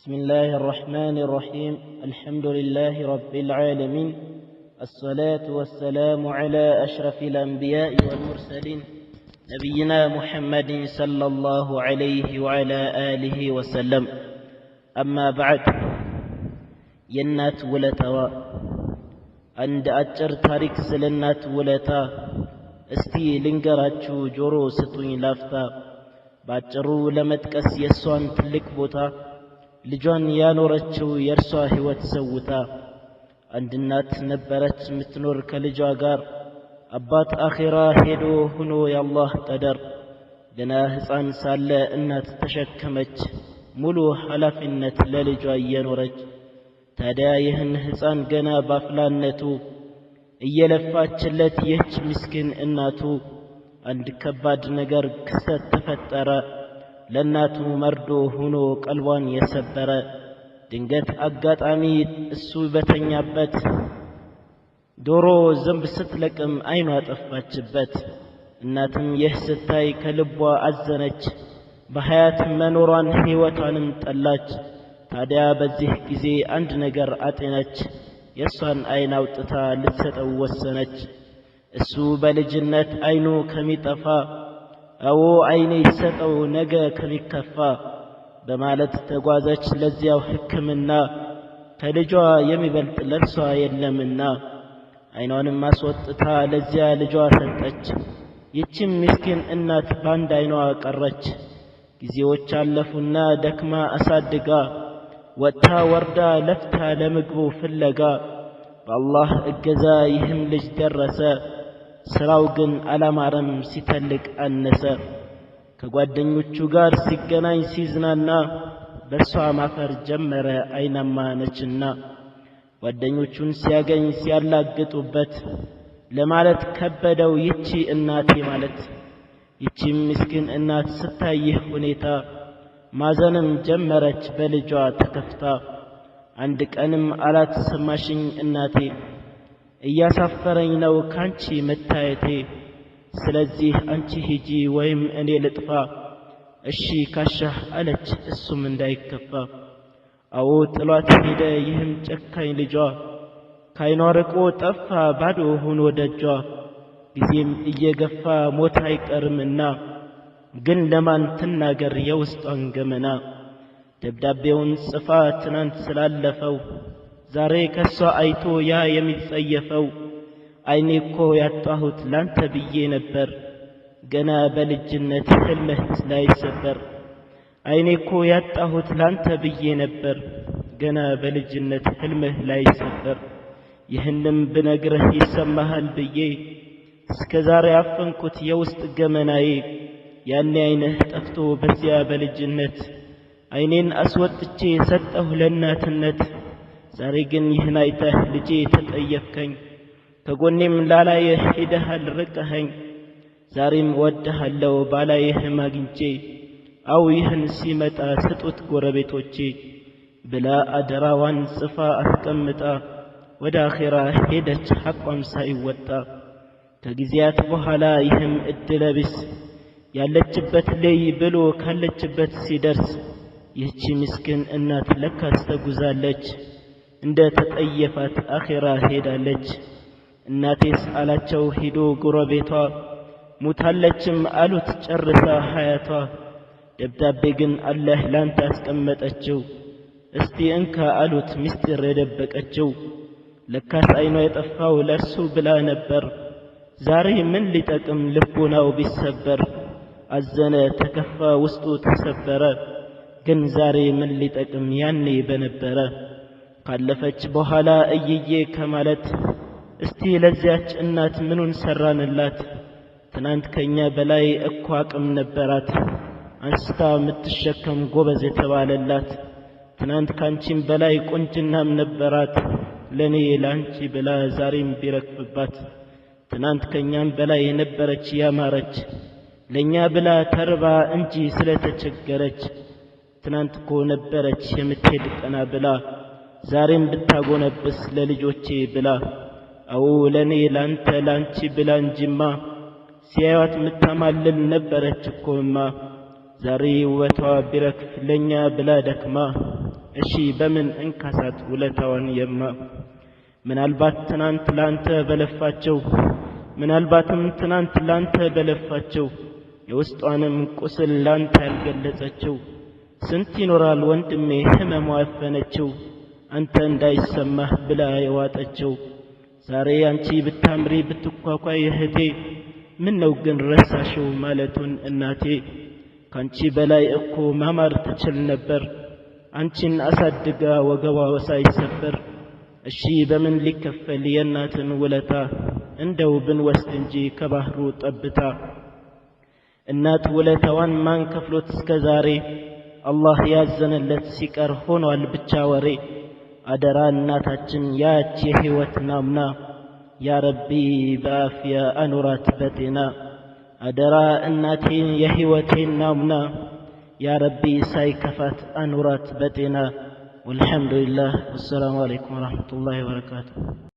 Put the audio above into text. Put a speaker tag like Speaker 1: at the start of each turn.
Speaker 1: بسم الله الرحمن الرحيم الحمد لله رب العالمين الصلاة والسلام على أشرف الأنبياء والمرسلين نبينا محمد صلى الله عليه وعلى آله وسلم أما بعد ينات ولتا عند أجر تاريك سلنات ولتا استي እስቲ ልንገራችሁ ستوين ስጡኝ باجرو لمتكس يسوان تلك بوتا ልጇን ያኖረችው የእርሷ ሕይወት ሰውታ። አንድ እናት ነበረች የምትኖር ከልጇ ጋር። አባት አኼራ ሄዶ ሆኖ የአላህ ቀደር። ገና ሕፃን ሳለ እናት ተሸከመች ሙሉ ኃላፊነት ለልጇ እየኖረች። ታዲያ ይህን ሕፃን ገና ባፍላነቱ እየለፋችለት ይህች ምስኪን እናቱ አንድ ከባድ ነገር ክስተት ተፈጠረ። ለእናቱ መርዶ ሆኖ ቀልቧን የሰበረ ድንገት አጋጣሚ እሱ በተኛበት ዶሮ ዘንብ ስትለቅም አይኗ ጠፋችበት። እናትም ይህ ስታይ ከልቧ አዘነች፣ በሀያት መኖሯን ሕይወቷንም ጠላች። ታዲያ በዚህ ጊዜ አንድ ነገር አጤነች፣ የእሷን አይን አውጥታ ልትሰጠው ወሰነች። እሱ በልጅነት አይኑ ከሚጠፋ አዎ አይኔ ይሰጠው ነገ ከሚከፋ በማለት ተጓዘች ለዚያው ሕክምና ከልጇ የሚበልጥ ለርሷ የለምና አይኗንም አስወጥታ ለዚያ ልጇ ሰጠች። ይቺም ምስኪን እናት በአንድ አይኗ ቀረች። ጊዜዎች አለፉና ደክማ አሳድጋ ወጥታ ወርዳ ለፍታ ለምግቡ ፍለጋ በአላህ እገዛ ይህም ልጅ ደረሰ። ሥራው ግን አላማረም፣ ሲተልቅ አነሰ። ከጓደኞቹ ጋር ሲገናኝ ሲዝናና በእሷ ማፈር ጀመረ አይናማ ነችና። ጓደኞቹን ሲያገኝ ሲያላግጡበት ለማለት ከበደው ይቺ እናቴ ማለት። ይቺ ምስኪን እናት ስታይህ ሁኔታ ማዘንም ጀመረች በልጇ ተከፍታ። አንድ ቀንም አላት ሰማሽኝ እናቴ እያሳፈረኝ ነው ካንቺ መታየቴ። ስለዚህ አንቺ ሂጂ ወይም እኔ ልጥፋ፣ እሺ ካሻህ አለች። እሱም እንዳይከፋ አዎ ጥሏት ሄደ። ይህም ጨካኝ ልጇ ካይኗ ርቆ ጠፋ፣ ባዶ ሆኖ ደጇ። ጊዜም እየገፋ ሞት አይቀርምና ግን ለማን ትናገር የውስጧን ገመና? ደብዳቤውን ጽፋ ትናንት ስላለፈው ዛሬ ከሷ አይቶ ያ የሚጸየፈው አይኔ እኮ ያጣሁት ላንተ ብዬ ነበር፣ ገና በልጅነት ህልመት ላይሰበር። አይኔ እኮ ያጣሁት ላንተ ብዬ ነበር፣ ገና በልጅነት ህልምህ ላይሰበር። ይህንም ብነግረህ ይሰማሃል ብዬ እስከ ዛሬ አፈንኩት የውስጥ ገመናዬ። ያኔ አይነህ ጠፍቶ በዚያ በልጅነት አይኔን አስወጥቼ ሰጠሁ ለእናትነት ዛሬ ግን ይህን አይተህ ልጄ ተጠየፍከኝ፣ ከጎኔም ላላየህ ሄደህ ርቀኸኝ ዛሬም እወድሃለሁ ባላየህም አግኝቼ፣ አው ይህን ሲመጣ ስጡት ጎረቤቶቼ ብላ አደራዋን ጽፋ አስቀምጣ ወደ አኼራ ሄደች አቋም ሳይወጣ። ከጊዜያት በኋላ ይህም እድለብስ ያለችበት ለይ ብሎ ካለችበት ሲደርስ ይህቺ ምስኪን እናት ለካስ ተጉዛለች። እንደ ተጠየፋት አኼራ ሄዳለች። እናቴስ አላቸው ሂዶ ጉረቤቷ ሙታለችም አሉት ጨርሳ ሀያቷ። ደብዳቤ ግን አላህ ላንተ አስቀመጠችው፣ እስቲ እንካ አሉት ምስጢር የደበቀችው። ለካስ አይኗ የጠፋው ለእርሱ ብላ ነበር። ዛሬ ምን ሊጠቅም ልቦናው ቢሰበር። አዘነ ተከፋ፣ ውስጡ ተሰበረ። ግን ዛሬ ምን ሊጠቅም ያኔ በነበረ ካለፈች በኋላ እይዬ ከማለት እስቲ ለዚያች እናት ምኑን ሰራንላት? ትናንት ከኛ በላይ እኮ አቅም ነበራት፣ አንስታ የምትሸከም ጎበዝ የተባለላት። ትናንት ካንቺም በላይ ቁንጅናም ነበራት፣ ለኔ ለአንቺ ብላ ዛሬም ቢረክብባት። ትናንት ከኛም በላይ የነበረች ያማረች፣ ለኛ ብላ ተርባ እንጂ ስለተቸገረች። ትናንት እኮ ነበረች የምትሄድ ቀና ብላ ዛሬም ብታጎነብስ ለልጆቼ ብላ። አው ለእኔ ላንተ ላንቺ ብላ እንጂማ ሲያዩት የምታማልል ነበረች እኮማ። ዛሬ ውበቷ ቢረክፍ ለእኛ ብላ ደክማ፣ እሺ በምን እንካሳት ውለታዋን የማ። ምናልባት ትናንት ላንተ በለፋቸው ምናልባትም ትናንት ላንተ በለፋቸው የውስጧንም ቁስል ላንተ ያልገለጸችው ስንት ይኖራል ወንድሜ ህመሟ ያፈነችው። أنت عندي سماه بلا يوات أجو ساري أنتي بالتمري بتقوى يهدي من نوجن رساشو مالتون الناتي كانتي بلاي اكو مامر تشل نبر انتين اصدقا وقوا وساي سبر الشيبة من لي كفلي ولتا اندو بن وستنجي كبهرو تبتا النات ولتا وان مان كفلو تسكزاري الله يازن اللي تسيكر هون والبتشاوري أدران ناتاتشن ياتي هوات نامنا يا ربي بافيا أنورات بتنا أدرى أناتين يهوتين نامنا يا ربي سايكفت أنورات بتنا والحمد لله والسلام عليكم ورحمة الله وبركاته